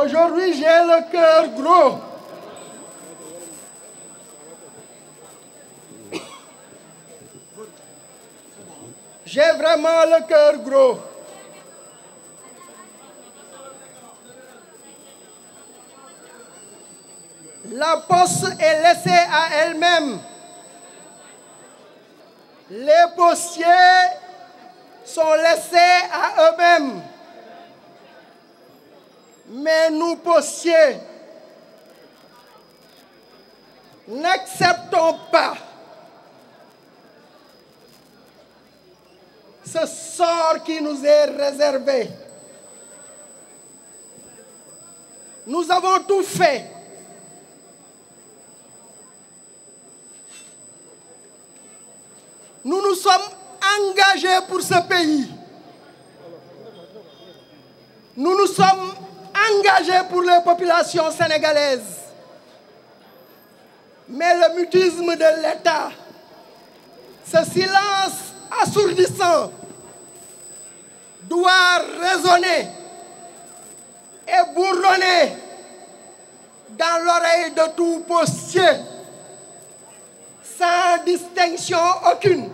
Aujourd'hui, j'ai le cœur gros. J'ai vraiment le cœur gros. La poste est laissée à elle-même. Les postiers sont laissés à eux-mêmes. mais nous posséder. N'acceptons pas ce sort qui nous est réservé. Nous avons tout fait. Nous nous sommes engagés pour ce pays. Nous nous sommes engagé pour les populations sénégalaises. Mais le mutisme de l'État, ce silence assourdissant, doit résonner et bourdonner dans l'oreille de tout postier, sans distinction aucune.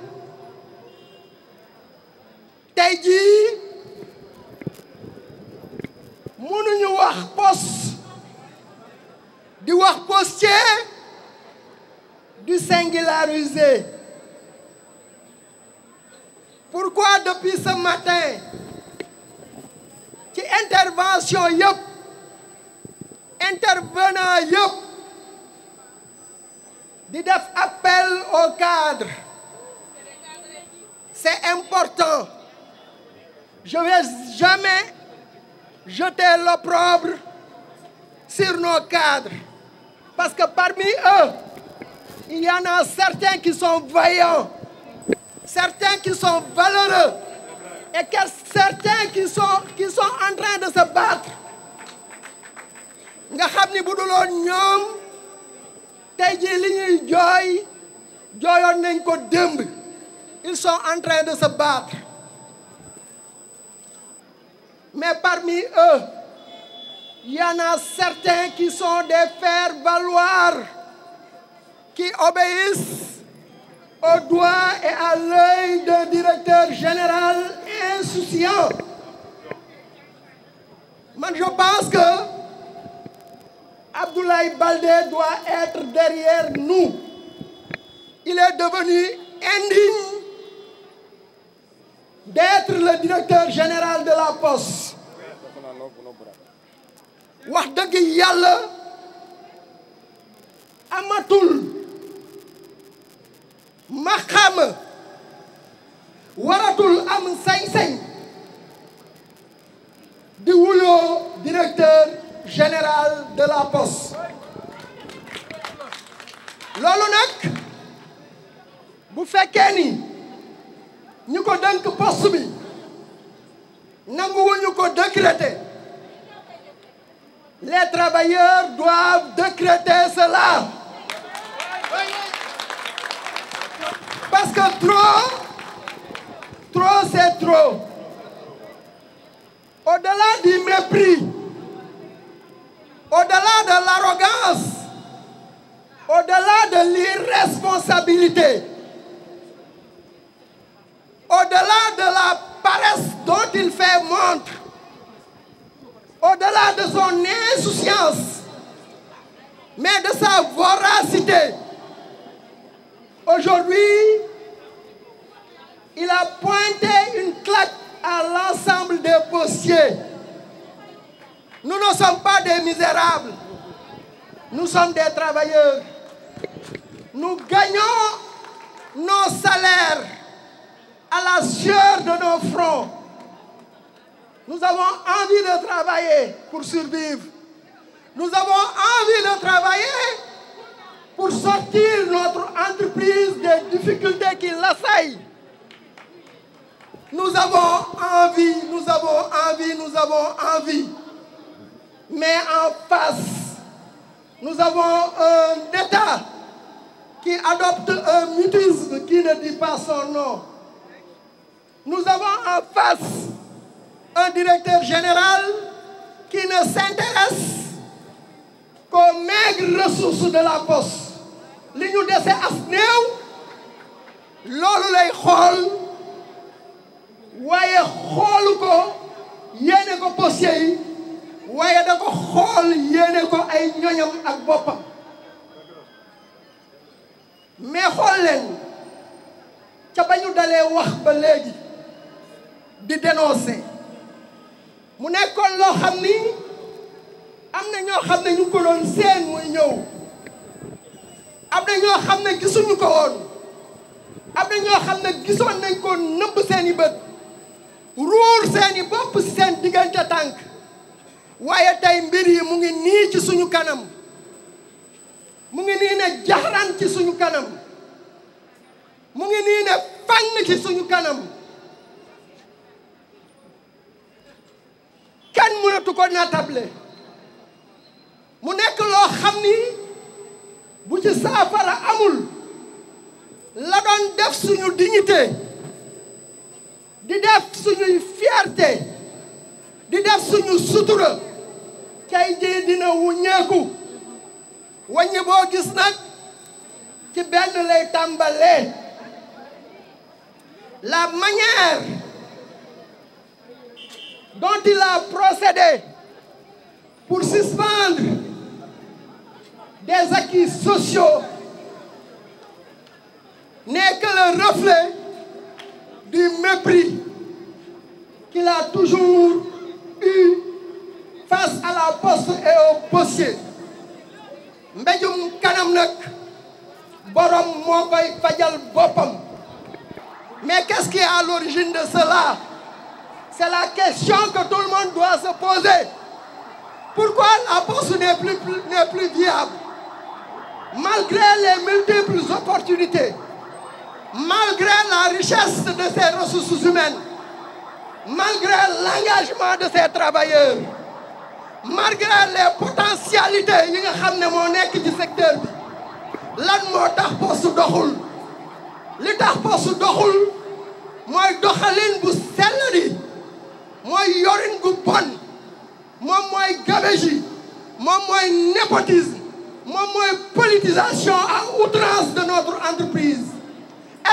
mënuñu wax poste di wax postier du singularisé pourquoi depuis ce matin ci intervention yëpp intervenant yëpp di def appel au cadre c'est important je vais jamais jeter l'opprobre sur nos cadres. Parce que parmi eux, il y en a certains qui sont vaillants, certains qui sont valeureux et que de se battre. nga xam ni bu duloon ñoom tey jii li ñuy jooy jooyoon nañ ko démb ils sont de se Mais parmi eux, il y en a certains qui sont des faire-valoir, qui obéissent au doigt et à l'œil d'un directeur général insouciant. Moi, je pense que Abdoulaye Baldé doit être derrière nous. Il est devenu indigne d'être le directeur général de la pos wax dëgg yàlla amatul maxaama waratul am sañ di wuyoo directeur général de la poste loolu nag bu fekkee ko dënk poste nanguwuñu ko décréter les travailleurs doivent décréter cela parce que trop trop c'est trop au-delà du mépris au-delà de l'arrogance au-delà de l'irresponsabilité au il fait montre, au-delà de son insouciance, mais de sa voracité, aujourd'hui, il a pointé une claque à l'ensemble des bossiers. Nous ne sommes pas des misérables, nous sommes des travailleurs. Nous gagnons nos salaires à la sueur de nos fronts. Nous avons envie de travailler pour survivre. Nous avons envie de travailler pour sortir notre entreprise des difficultés qui l'assaillent. Nous avons envie, nous avons envie, nous avons envie. Mais en face, nous avons un État qui adopte un mutisme qui ne dit pas son nom. Nous avons en face un directeur général qui ne s'intéresse qu'aux maigres ressources de li ñu dese as néew loolu lay xool waaye xoolu ko yéene ko postier yi waaye da ko xool yéene ko ay ñoñam ak boppam mais xool ca ba dalee wax ba léegi di dénoncer mu nekkoon loo xam ni am na ñoo xam ne ñu ko seen muy ñëw am na ñoo xam ne gisuñu ko am na ñoo xam ne gisoon nañ ko nëbb bët ruur seen i seen diggante tànk waaye tey mbir yi mu ngi nii ci suñu kanam mu ngi nii ne jaxran ci suñu kanam mu ngi nii ne fànn ci suñu kanam kenn mënatu mu nekk loo xam ni bu ci saafara amul la doon def suñu dignité di def suñuy fierté di def suñu sutura tey jii dina wuññeeku wàññi boo gis nag ci benn lay tàmbalee la manière dont il a procédé pour des acquis sociaux n'est que le reflet du mépris qu'il a toujours eu face à la poste et au postier mbéjum borom moo koy fajal boppam mais quest à l'origine de cela C'est la question que tout doit se poser. Pourquoi la bourse n'est plus, n'est plus viable Malgré les multiples opportunités, malgré la richesse de ces ressources humaines, malgré l'engagement de ces travailleurs, malgré les potentialités nga xam ne moo nekk ci secteur bi doxul li tax doxul mooy doxalin bu yorin gu bon moom mooy gabegie moom mooy népotisme moom mooy politisation de notre entreprise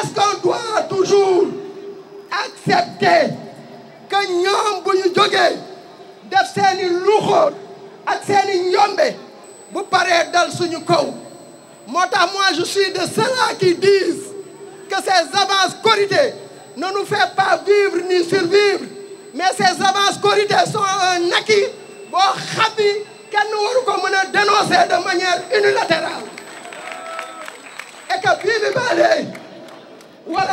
est-ce qu'on doit toujours accepter que bu ñu jógee def seeni luxóor ak seeni bu paree dal suñu kaw moo tax moi je suis de ceux-là qui disent que ces avances corrigées ne nous fait pas mais ces avances Korité sont boo xam kenn waru mën a dénoncer de manière unilatérale et que bii bi baa léegi war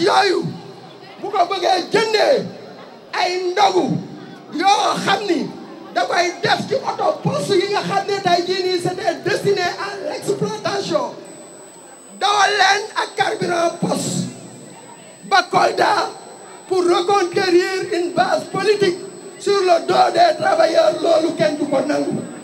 yooyu bu bëggee jëndee ay ndogu yoo xam ni da koy oto poste yi nga xam ne tey destiné à l'exploitation dawal leen ak carburant poste Bakolda pour reconquérir une base politique sur le dos des travailleurs loolu kenn du ko nangu